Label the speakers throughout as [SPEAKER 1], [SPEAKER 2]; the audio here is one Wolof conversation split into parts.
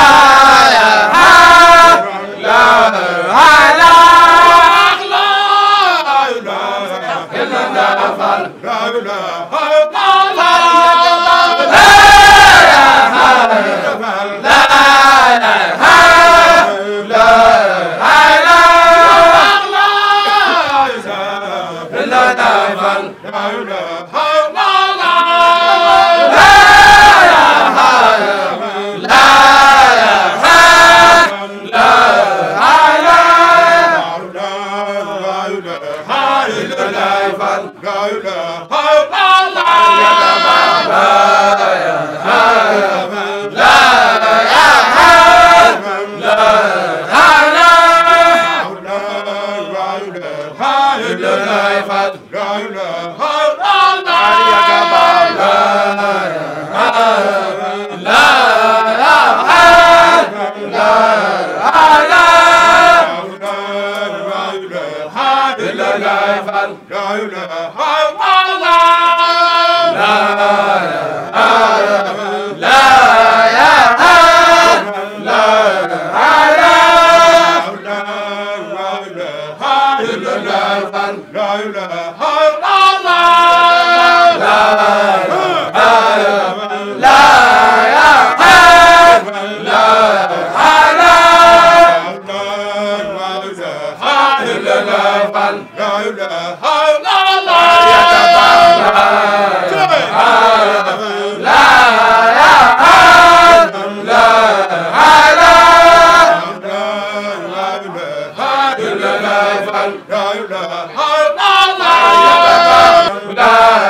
[SPEAKER 1] ah la la ilaha illallah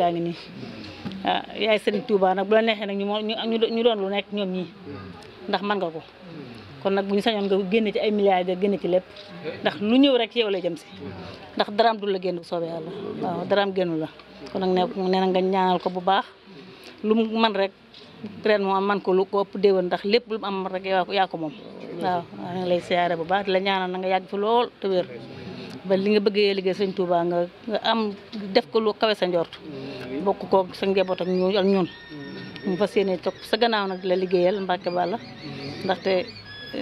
[SPEAKER 2] gaa ngi nii waaw ah, yaay Serigne Touba nag bu la neexee nag ñu ñu doon lu nekk ñoom ñii ndax man nga ko kon nag bu ñu sañoon nga génne ci ay milliards génne ci lépp ndax lu ñëw rek yow la jëm si ndax daraam du la génn bu soobee yàlla waaw daraam génnu la kon nag nee na nga ñaanal ko bu baax lu mu man rek ren moo am man ko lu ko ëpp déwén ndax lépp lu mu am rek yaa ko moom waaw maa lay siyaare bu baax di la ñaanal na nga yàgg lool te ba li nga bëggee liggéey sëñ Touba nga am def ko lu kawe sa njort bokk ko sa njaboot ak ñu ak ñun mu fas yéene topp sa gannaaw nag la liggéeyal Mbàkke Bàlla ndaxte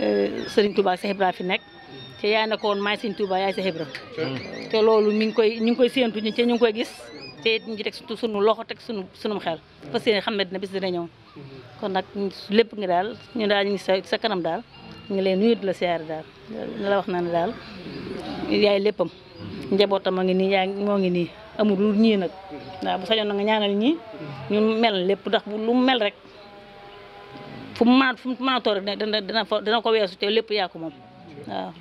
[SPEAKER 2] eh, sëriñ Touba Cheikh Ibra fi nekk te yaa ne ko woon maay sëñ yaay Cheikh Ibra te loolu ñu ngi koy ñu ngi koy séentu ñu te ñu ngi koy gis te it ñu ngi teg suñu loxo teg suñu suñu xel fas yéene xam ne na bis de dina ñëw kon nag lépp nga daal ñu daal ñu ngi sa sa kanam daal ñu ngi leen nuyu di la siyaare daal la wax na ne daal yaay léppam njabootam a ngi nii yaa moo ngi nii amul lu ñii nag waaw bu sañoon na nga ñaanal ñii mel lépp ndax lu mel rek fu mu mën a fu rek dina ko weesu te lépp yaa ko moom waaw.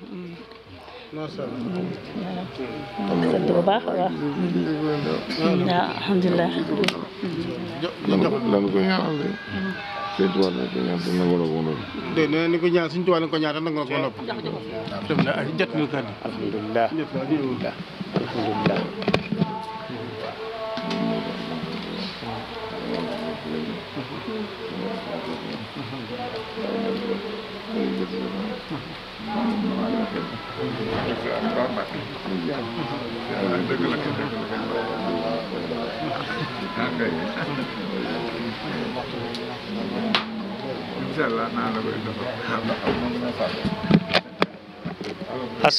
[SPEAKER 2] macha sëñ Tuubaa na ko ñaan te nangoo na ko noonu.
[SPEAKER 3] dégg nga ni ko ñaan sëñ Tuubaa ko ñaan te nangoo ko noonu. def na ay jot na kàddu. alhamdulilah alhamdulilah incha allah naa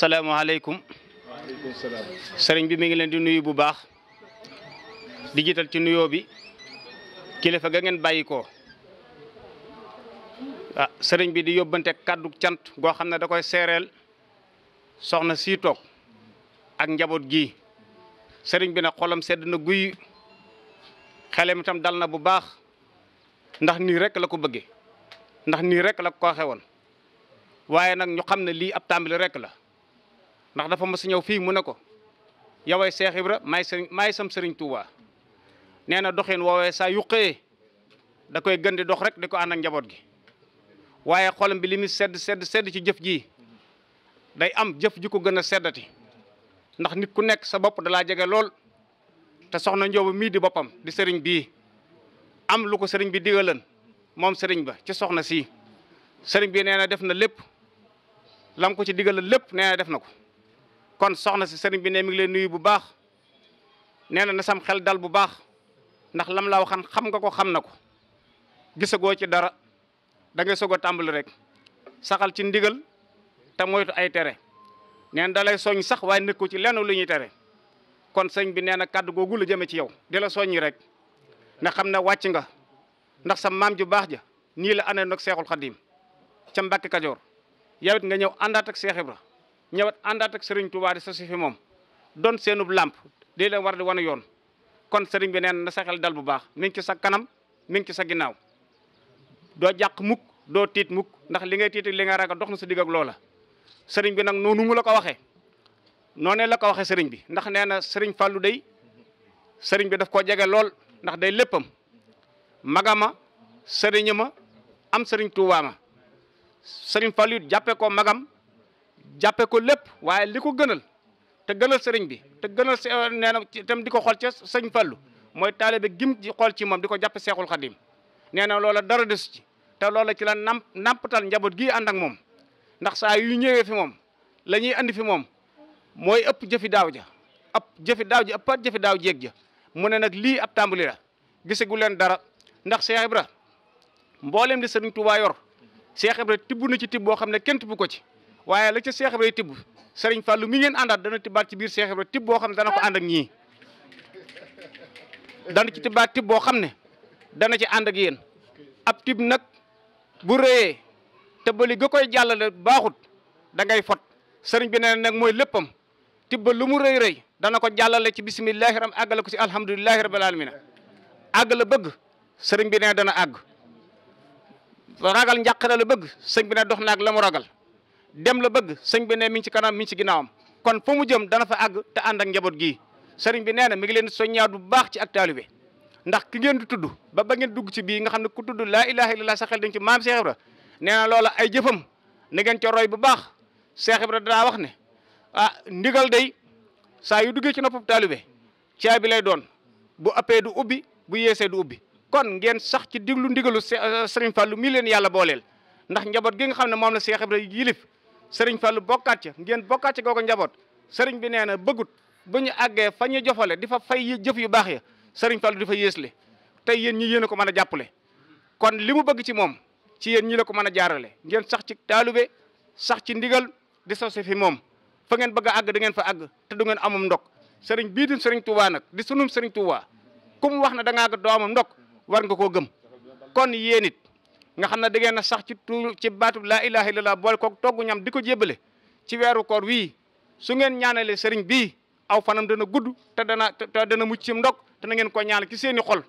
[SPEAKER 3] sëriñ bi mu ngi leen di nuyu bu baax. di jiital ci nuyoo bi. kilifa ga ngeen bàyyi ko. ah sëriñ bi di yóbbante kàddu cant goo xam ne da koy seereel soxna sii ak njaboot gi sëriñ bi nag xolam sedd na guy xelam itam dal na bu baax ndax nii rek la ko bëggee. ndax nii rek la ko waxee woon waaye nag ñu xam ne lii ab tàmbali rek la ndax dafa mos a ñëw fii mu ne ko yowee Seex may maay sëriñ maay sam sëriñ Touba nee na doxin woowee saa yu da koy gën di dox rek di ko ànd ak njaboot gi waaye xolam bi li sedd sedd sedd ci jëf ji day am jëf ji ko gën a seddati ndax nit ku nekk sa bopp dalaa jege lool te soxna Njóoba mii di boppam di sëriñ bii am lu ko sëriñ bi digalan moom sëriñ ba ci soxna si sëriñ bi nee na def na lépp lam ko ci digal la lépp nee def na ko kon soxna si sëriñ bi ne mi ngi leen nuyu bu baax nee na na sam xel dal bu baax ndax lam law xam xam nga ko xam na ko gisa gisagoo ci dara da ngay soog a tàmbali rek saxal ci ndigal te moytu ay tere nee na soñ sax waaye nekk ko ci lenn lu ñuy tere kon sëñ bi nee na kàddu googu la jëme ci yow di la soññi rek na xam ne wàcc nga ndax sa maam ju baax ja nii la àndee nag seexul xaddiim ca Mbàkke Kajoor yow nga ñëw àndaat ak Seex Ibra ñëwat àndaat ak Sëriñ Tuubaa sa sosi moom doon seenub làmp di leen war di wane yoon kon sëriñ bi neen na sa dal bu baax mi ngi ci sa kanam mi ngi ci sa ginnaaw doo jàq mukk doo tiit mukk ndax li ngay tiit li nga ragal dox na sa digg loola sëriñ bi nag noonu la ko waxee noonee la ko waxee sëriñ bi ndax nee na sëriñ Fallou day sëriñ bi daf koo jege lool ndax day léppam magama sëriñ ma am sëriñ Tuubaa ma sëriñ Fallu jàppe ko magam jàppe ko lépp waaye li ko gënal te gënal sëriñ bi te gënal euh, nee na itam di ko xool ca sëriñ Fallu mooy taalibe gim ci xool ci moom di ko jàppe Seexul Xadim nee na loola dara desu ci te loola ci la namp nampatal njaboot gi ànd ak moom ndax sa yu ñëwee fi moom la ñuy andi fi moom mooy ëpp jëfi daaw ja ëpp jëfi daaw ja ëpp jëfi daaw jeeg ja mu ne nag lii ab tàmbali la leen dara ndax Cheikh Ibra mboolem li Sëriñ Tuubaa yor Cheikh tibb na ci tibb boo xam ne kenn tibb ko ci waaye la ci Cheikh Ibra tibb Sëriñ Fàllu mi ngeen àndaat dana tibbaat ci biir Cheikh Ibra tibb boo xam ne dana ko ànd ak ñii ci tibbaat tibb boo xam ne dana ci ànd ak yéen ab tib nag bu rëyee te ba li ga koy jàllale baaxut da ngay fot sëriñ bi nee nag mooy léppam tibba lu mu rëy rëy dana ko jàllale ci bisimillahi ram àggale ko ci alhamdulilahi rabil alamina àggala bëgg sëriñ bi ne dana àgg ragal njaq njàqare la bëgg sëñ bi ne dox naag la mu ragal dem la bëgg sëñ bi ne mi ci kanam mi ci ginnaawam kon fa mu jëm dana fa àgg te ànd ak njaboot gi sëriñ bi nee na mi ngi leen di bu baax ci ak taalibe ndax ki ngeen di tudd ba ba ngeen dugg ci bii nga xam ne ku tudd laa ilaha illallah sa xel dañ ci maam Cheikh Ibra nee na loola ay jëfam na ngeen roy bu baax Cheikh Ibra danaa wax ne a ah, ndigal day saa yu duggee ci noppam taalibe caabi lay doon bu ëppee du ubbi bu yeesee du ubbi kon ngeen sax ci diglu ndigalu euh, Serigne Fallou mii leen yàlla booleel ndax njaboot gi nga xam ne moom la Cheikh Ibrahima yilif Serigne Fallou bokkaat ca ngeen bokkaat ca googu njaboot Serigne bi nee na bëggut bu ñu àggee fa jofale di fa fay jëf yu baax ya Serigne Fallou di fa yéesle tey yéen ñi yéen a ko mën a jàppale kon li mu bëgg ci moom ci yéen ñi la ko mën a jaarale ngeen sax ci taalube sax ci ndigal di sose fi moom fa ngeen bëgg a da ngeen fa àgg te du ngeen amum ndok sëriñ bii di sëriñ Touba nag di sunum sëriñ Touba ku wax na da nga àgg doo amum ndok war nga koo gëm kon yéen it nga xam ne da ngeen sax ci tuur ci baatub laa ilaha illallah boole koog togg ñam di ko jébale ci weeru koor wii su ngeen ñaanalee sëriñ bii aw fanam dana gudd te dana te dana mucc ci ndog te ngeen ko ñaanal ki seen i xol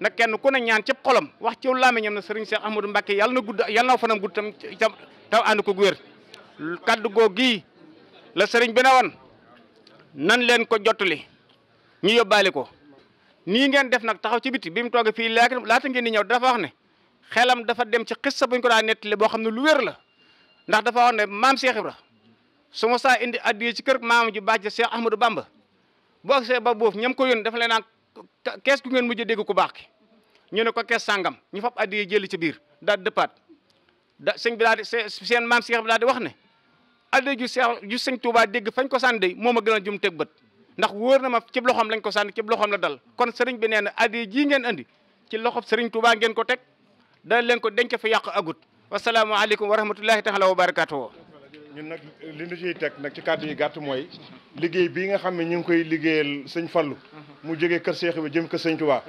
[SPEAKER 3] na kenn ku ne ñaan cëpp xolom wax ci làmmiñam na sëriñ Cheikh Ahmadou Mbacké yàlla na gudd yàlla na aw fanam gudd ta tam taw ànd ko wér kaddu gii la sëriñ bi ne woon nan leen ko jottali ñu yóbbaale ko nii ngeen def nag taxaw ci biti bi mu toog fii laata laata ngeen di ñëw dafa wax ne xelam dafa dem ci xissa bu ñu ko daan le boo xam ne lu wér la ndax dafa wax ne maam Cheikh Ibra su ma saa indi addiye ci kër maam ji bàcc Cheikh Ahmadou Bamba boo agsee ba boof ñam ko yoon dafa leen naan kees gu ngeen mujj dégg ku baax ki ñu ne ko kees sàngam ñu fab addiye jëli ci biir daal dëppaat da sëñ bi daal di seen maam Cheikh bi daal di wax ne addiye ju Cheikh ju sëñ Touba dégg fañ ko sànni moom a gën a jum teg bët ndax wóor na ma cib loxoom lañ ko sànni ci loxoom la dal kon sëriñ bi nee na addi jii ngeen andi ci loxob sëriñ Touba ngeen ko teg dana leen ko denc fa yàq agut wasalaamaaleykum wa rahmatullahi taala wa barakaatu ñun nag li ñu ciy teg nag ci kàddu yi gàtt mooy liggéey bii nga xam ne ñu ngi koy liggéeyal sëñ Fallu mu jógee kër Seex bi jëm kër sëñ Touba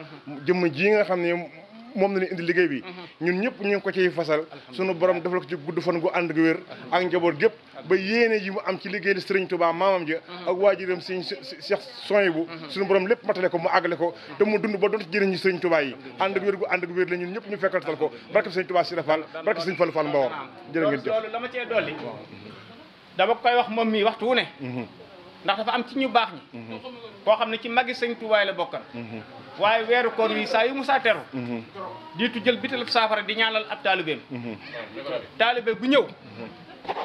[SPEAKER 3] jëmm ji nga xam ne moom la ñu indi liggéey bi ñun ñëpp ñu ngi ko ciy fasal sunu borom defal ko ci gudd fan gu ànd gu wér njaboot gépp ba yéene ji mu am ci liggéey sëriñ Tuubaa maamam ja ak waajuram sëñ Cheikh Soyibu suñu borom lépp matale ko mu àggale ko te mu dund ba doon jëriñ ñi sëriñ Tuubaa yi ànd ak wér gu ànd ak wér la ñun ñëpp ñu fekkatal ko barke sëriñ dama koy wax moom mii waxtu wu ne ndax dafa am ci ñu baax ñi koo xam ne ci magi sëriñ Tuubaa la bokkan waaye weeru koor wi saa yu saa teru diitu jël bitalab saafara di ñaanal ab taalibeem taalibe bu ñëw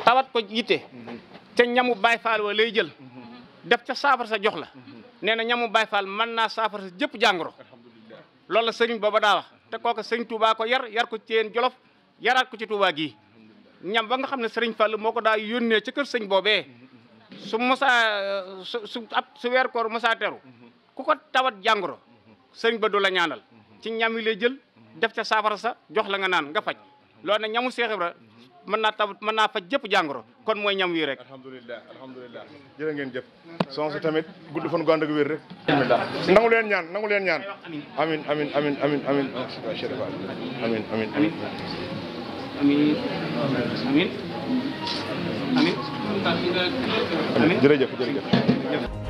[SPEAKER 3] tawat ko yitte ca ñamu Baay Faal wa lay jël def ca saafara sa jox la nee na ñamu Baay Faal man naa saafara sa jëpp jàngoro loolu la sëriñ booba daa wax te kooka sëriñ Touba ko yar yar ko ceen jolof yaraat ko ci Touba gii ñam ba nga xam ne sëriñ Fall moo ko daa yónnee ca kër sëñ boobee su mosaa su su ab su weer koor mosaa teru ku ko tawat jàngoro sëriñ ba du la ñaanal ci ñam wi lay jël def ca saafara sa jox la nga naan nga faj loolu nag ñamu Seex Ibra mën naa tab mën naa faj jëpp jàngoro kon mooy ñam wi rek alhamdulilah alhamdulilah jërë ngeen jëf son tamit gudd fan gu ànd ak wér rek nangu leen ñaan nangu leen ñaan amin amin amin amin amin amin amin